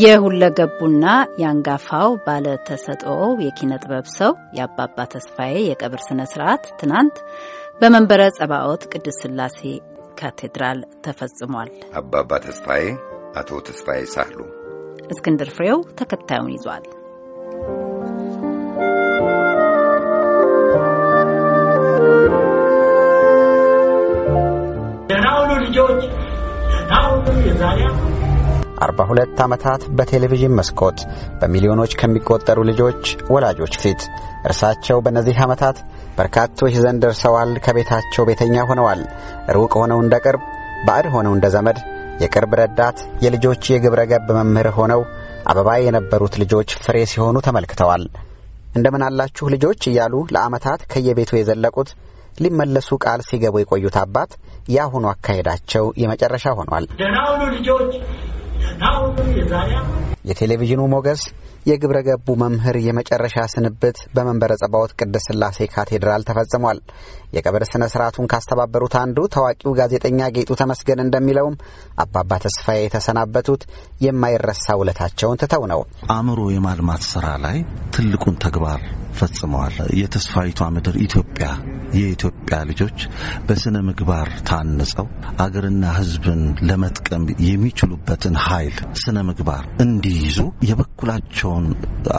የሁለገቡና የአንጋፋው ባለተሰጥኦ የኪነ ጥበብ ሰው የአባባ ተስፋዬ የቀብር ስነ ስርዓት ትናንት በመንበረ ጸባኦት ቅድስት ስላሴ ካቴድራል ተፈጽሟል። አባባ ተስፋዬ አቶ ተስፋዬ ሳህሉ። እስክንድር ፍሬው ተከታዩን ይዟል። ደህና ሁኑ ልጆች፣ ደህና ሁኑ የዛሬ ሁለት ዓመታት በቴሌቪዥን መስኮት በሚሊዮኖች ከሚቆጠሩ ልጆች ወላጆች ፊት እርሳቸው በእነዚህ ዓመታት በርካቶች ዘንድ ደርሰዋል። ከቤታቸው ቤተኛ ሆነዋል። ሩቅ ሆነው እንደ ቅርብ፣ ባዕድ ሆነው እንደ ዘመድ የቅርብ ረዳት፣ የልጆች የግብረ ገብ መምህር ሆነው አበባ የነበሩት ልጆች ፍሬ ሲሆኑ ተመልክተዋል። እንደምን አላችሁ ልጆች እያሉ ለዓመታት ከየቤቱ የዘለቁት ሊመለሱ ቃል ሲገቡ የቆዩት አባት የአሁኑ አካሄዳቸው የመጨረሻ ሆኗል። ደህና ሁኑ ልጆች፣ የቴሌቪዥኑ ሞገስ የግብረ ገቡ መምህር የመጨረሻ ስንብት በመንበረ ጸባዖት ቅድስት ስላሴ ካቴድራል ተፈጽሟል። የቀብር ስነ ሥርዓቱን ካስተባበሩት አንዱ ታዋቂው ጋዜጠኛ ጌጡ ተመስገን እንደሚለውም አባባ ተስፋዬ የተሰናበቱት የማይረሳ ውለታቸውን ትተው ነው። አእምሮ የማልማት ስራ ላይ ትልቁን ተግባር ፈጽመዋል። የተስፋይቷ ምድር ኢትዮጵያ የኢትዮጵያ ልጆች በስነ ምግባር ታንጸው አገርና ሕዝብን ለመጥቀም የሚችሉበትን ኃይል ስነ ምግባር እንዲይዙ የበኩላቸውን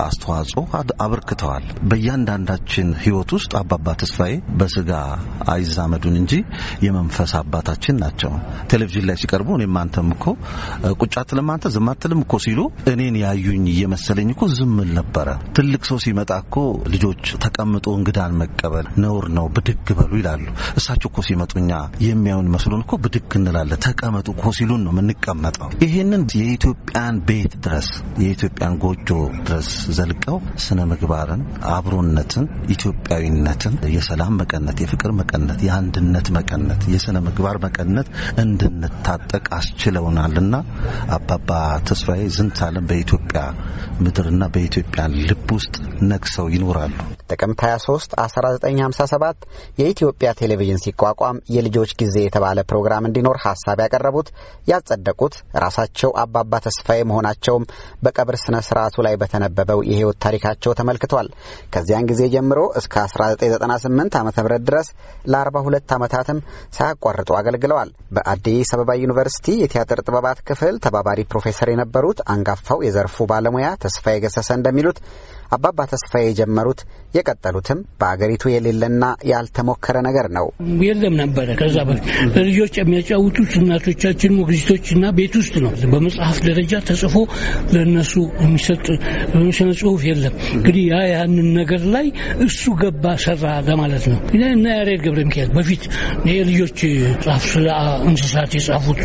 አስተዋጽኦ አበርክተዋል። በእያንዳንዳችን ሕይወት ውስጥ አባባ ተስፋዬ በስጋ አይዛመዱን እንጂ የመንፈስ አባታችን ናቸው። ቴሌቪዥን ላይ ሲቀርቡ እኔም አንተም እኮ ቁጭ አትልም አንተ ዝም አትልም እኮ ሲሉ እኔን ያዩኝ እየመሰለኝ እኮ ዝም ነበረ። ትልቅ ሰው ሲመጣ እኮ ልጆች ተቀምጦ እንግዳን መቀበል ነውር ነው ብድግ በሉ ይላሉ። እሳቸው እኮ ሲመጡ እኛ የሚያዩን መስሎን እኮ ብድግ እንላለን። ተቀመጡ እኮ ሲሉን ነው የምንቀመጠው። ይህንን የኢትዮጵያን ቤት ድረስ የኢትዮጵያን ጎጆ ድረስ ዘልቀው ስነ ምግባርን፣ አብሮነትን፣ ኢትዮጵያዊነትን፣ የሰላም መቀነት፣ የፍቅር መቀነት፣ የአንድነት መቀነት፣ የስነ ምግባር መቀነት እንድንታጠቅ አስችለውናልና አባባ ተስፋዬ ዝንታለም በኢትዮጵያ ምድርና በኢትዮጵያ ልብ ውስጥ ነግሰው ይኖራሉ። ጥቅምት 23 1957 የኢትዮጵያ ቴሌቪዥን ሲቋቋም የልጆች ጊዜ የተባለ ፕሮግራም እንዲኖር ሀሳብ ያቀረቡት ያጸደቁት ራሳቸው አባባ ተስፋዬ መሆናቸውም በቀብር ስነ ስርዓቱ ላይ በተነበበው የህይወት ታሪካቸው ተመልክቷል። ከዚያን ጊዜ ጀምሮ እስከ 1998 ዓ ም ድረስ ለ42 ዓመታትም ሳያቋርጡ አገልግለዋል። በአዲስ አበባ ዩኒቨርሲቲ የቲያትር ጥበባት ክፍል ተባባሪ ፕሮፌሰር የነበሩት አንጋፋው የዘርፉ ባለሙያ ተስፋዬ ገሰሰ እንደሚሉት አባባ ተስፋዬ የጀመሩት የቀጠሉትም በአገሪቱ የሌለና ያልተሞከረ ነገር ነው። የለም ነበረ። ከዛ ልጆች የሚያጫውቱት እናቶቻችን ሞግዚቶችና ቤት ውስጥ ነው። በመጽሐፍ ደረጃ ተጽፎ ለእነሱ የሚሰጥ ስነ ጽሁፍ የለም። እንግዲህ ያ ያንን ነገር ላይ እሱ ገባ ሰራ ለማለት ነው። እና ያሬድ ገብረ ሚካኤል በፊት የልጆች ጻፍ ስለ እንስሳት የጻፉት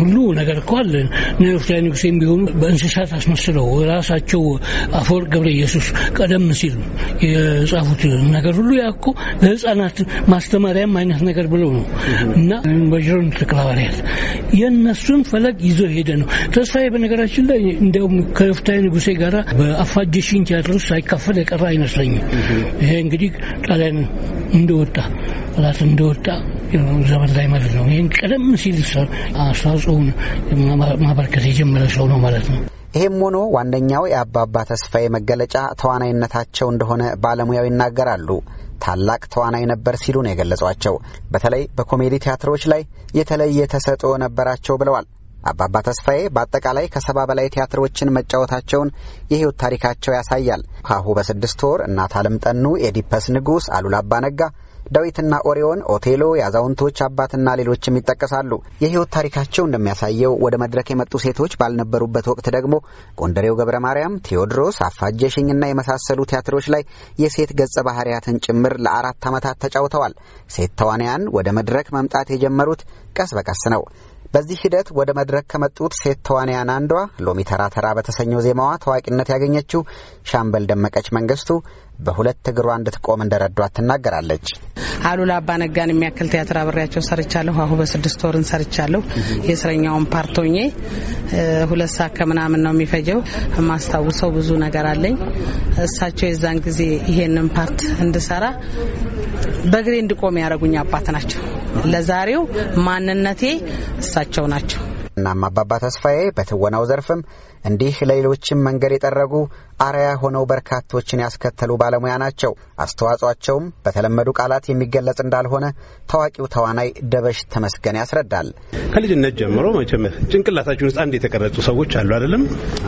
ሁሉ ነገር እኮ አለ። ንጉሴ ቢሆኑ በእንስሳት አስመስለው ራሳቸው አፈወርቅ ገብረ ኢየሱስ ቀደም ሲል የጻፉት ነገር ሁሉ ያ እኮ ለህፃናት ማስተማሪያም አይነት ነገር ብለው ነው እና በጅሮን ተክለሐዋርያት የእነሱን ፈለግ ይዞ ሄደ ነው ተስፋዬ። በነገራችን ላይ እንዲያውም ከዮፍታይ ንጉሴ ጋራ በአፋጀሽኝ ቲያትር ውስጥ ሳይካፈል የቀረ አይመስለኝም። ይሄ እንግዲህ ጣሊያን እንደወጣ ጠላት እንደወጣ ዘመን ላይ ማለት ነው። ይህን ቀደም ሲል አስተዋጽኦውን ማበርከት የጀመረ ሰው ነው ማለት ነው። ይህም ሆኖ ዋነኛው የአባባ ተስፋዬ መገለጫ ተዋናይነታቸው እንደሆነ ባለሙያው ይናገራሉ። ታላቅ ተዋናይ ነበር ሲሉ ነው የገለጿቸው። በተለይ በኮሜዲ ቲያትሮች ላይ የተለየ ተሰጥኦ ነበራቸው ብለዋል። አባባ ተስፋዬ በአጠቃላይ ከሰባ በላይ ቲያትሮችን መጫወታቸውን የህይወት ታሪካቸው ያሳያል። ሀሁ በስድስት ወር፣ እናት አለም ጠኑ፣ ኤዲፐስ ንጉሥ፣ አሉላ አባ ነጋ ዳዊትና ኦሪዮን፣ ኦቴሎ፣ የአዛውንቶች አባትና ሌሎችም ይጠቀሳሉ። የህይወት ታሪካቸው እንደሚያሳየው ወደ መድረክ የመጡ ሴቶች ባልነበሩበት ወቅት ደግሞ ጎንደሬው ገብረ ማርያም፣ ቴዎድሮስ፣ አፋጀሽኝና የመሳሰሉ ቲያትሮች ላይ የሴት ገጸ ባህርያትን ጭምር ለአራት ዓመታት ተጫውተዋል። ሴት ተዋንያን ወደ መድረክ መምጣት የጀመሩት ቀስ በቀስ ነው። በዚህ ሂደት ወደ መድረክ ከመጡት ሴት ተዋንያን አንዷ ሎሚ ተራ ተራ በተሰኘው ዜማዋ ታዋቂነት ያገኘችው ሻምበል ደመቀች መንግስቱ በሁለት እግሯ እንድትቆም እንደረዷት ትናገራለች። አሉላ አባነጋን የሚያክል ቲያትር አብሬያቸው ሰርቻለሁ። አሁ በስድስት ወርን ሰርቻለሁ። የእስረኛውን ፓርቶኜ ሁለት ሰዓት ከምናምን ነው የሚፈጀው። የማስታውሰው ብዙ ነገር አለኝ። እሳቸው የዛን ጊዜ ይሄንን ፓርት እንድሰራ በእግሬ እንድቆም ያደረጉኝ አባት ናቸው። ለዛሬው ማንነቴ እሳቸው ናቸው። እናም አባባ ተስፋዬ በትወናው ዘርፍም እንዲህ ለሌሎችም መንገድ የጠረጉ አርያ ሆነው በርካቶችን ያስከተሉ ባለሙያ ናቸው። አስተዋጽኦአቸውም በተለመዱ ቃላት የሚገለጽ እንዳልሆነ ታዋቂው ተዋናይ ደበሽ ተመስገን ያስረዳል። ከልጅነት ጀምሮ መቼም ጭንቅላታችን ውስጥ አንድ የተቀረጹ ሰዎች አሉ አይደለም።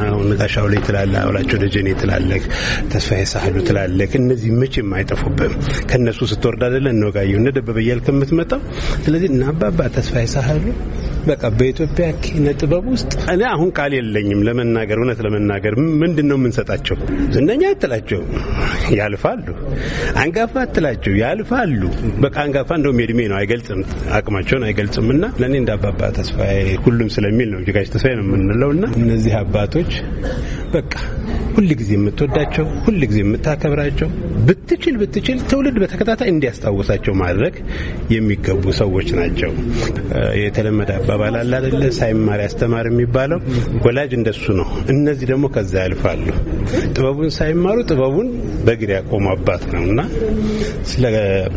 አሁን ነጋሻው ላይ ትላለ፣ አውላቸው ደጀኔ ትላለክ፣ ተስፋዬ ሳህሉ ትላለክ። እነዚህ መቼም አይጠፉብም። ከእነሱ ስትወርድ አይደለ እነወጋየሁ እነ ደበበ እያልክ የምትመጣው ስለዚህ እናባባ አባባ ተስፋዬ ሳህሉ በቃ በኢትዮጵያ ኪነ ጥበብ ውስጥ እኔ አሁን ቃል የለኝም ለመናገር። እውነት ለመናገር ምንድን ነው የምንሰጣቸው? ዝነኛ አትላቸው ያልፋሉ። አንጋፋ አትላቸው ያልፋሉ። በቃ አንጋፋ እንደውም የእድሜ ነው አይገልጽም፣ አቅማቸውን አይገልጽም። እና ለእኔ እንደ አባባ ተስፋዬ ሁሉም ስለሚል ነው ጅጋጅ ተስፋዬ ነው የምንለው እና እነዚህ አባቶች በቃ ጊዜ የምትወዳቸው ጊዜ የምታከብራቸው ብትችል ብትችል ትውልድ በተከታታይ እንዲያስታውሳቸው ማድረግ የሚገቡ ሰዎች ናቸው። የተለመደ አባባል አለ አይደለ? ሳይማር ያስተማር የሚባለው ወላጅ እንደሱ ነው። እነዚህ ደግሞ ከዛ ያልፋሉ። ጥበቡን ሳይማሩ ጥበቡን በእግር ያቆሙ አባት ነው እና ስለ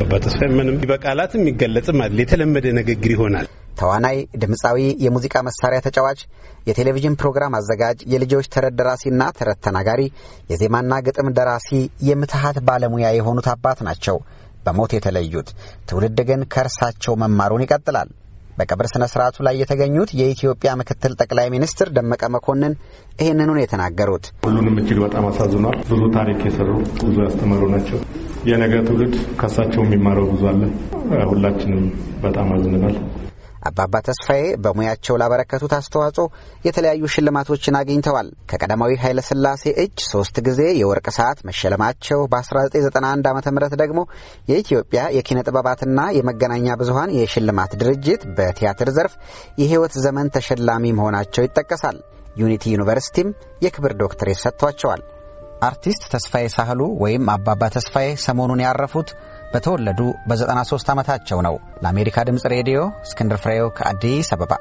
አባ ተስፋዬ ምንም በቃላትም ይገለጽም አይደል? የተለመደ ንግግር ይሆናል። ተዋናይ፣ ድምፃዊ፣ የሙዚቃ መሳሪያ ተጫዋች፣ የቴሌቪዥን ፕሮግራም አዘጋጅ፣ የልጆች ተረት ደራሲና ተረት ተናጋሪ፣ የዜማና ግጥም ደራሲ፣ የምትሃት ባለሙያ የሆኑት አባት ናቸው በሞት የተለዩት። ትውልድ ግን ከእርሳቸው መማሩን ይቀጥላል። በቀብር ስነ ስርዓቱ ላይ የተገኙት የኢትዮጵያ ምክትል ጠቅላይ ሚኒስትር ደመቀ መኮንን ይህንኑን የተናገሩት ሁሉንም እጅግ በጣም አሳዝኗል። ብዙ ታሪክ የሰሩ ብዙ ያስተማሩ ናቸው። የነገ ትውልድ ከእሳቸው የሚማረው ብዙ አለ። ሁላችንም በጣም አዝንናል። አባባ ተስፋዬ በሙያቸው ላበረከቱት አስተዋጽኦ የተለያዩ ሽልማቶችን አግኝተዋል። ከቀዳማዊ ኃይለ ሥላሴ እጅ ሶስት ጊዜ የወርቅ ሰዓት መሸለማቸው፣ በ1991 ዓ ም ደግሞ የኢትዮጵያ የኪነ ጥበባትና የመገናኛ ብዙኃን የሽልማት ድርጅት በቲያትር ዘርፍ የሕይወት ዘመን ተሸላሚ መሆናቸው ይጠቀሳል። ዩኒቲ ዩኒቨርሲቲም የክብር ዶክትሬት ሰጥቷቸዋል። አርቲስት ተስፋዬ ሳህሉ ወይም አባባ ተስፋዬ ሰሞኑን ያረፉት በተወለዱ በ93 ዓመታቸው ነው። ለአሜሪካ ድምፅ ሬዲዮ እስክንድር ፍሬው ከአዲስ አበባ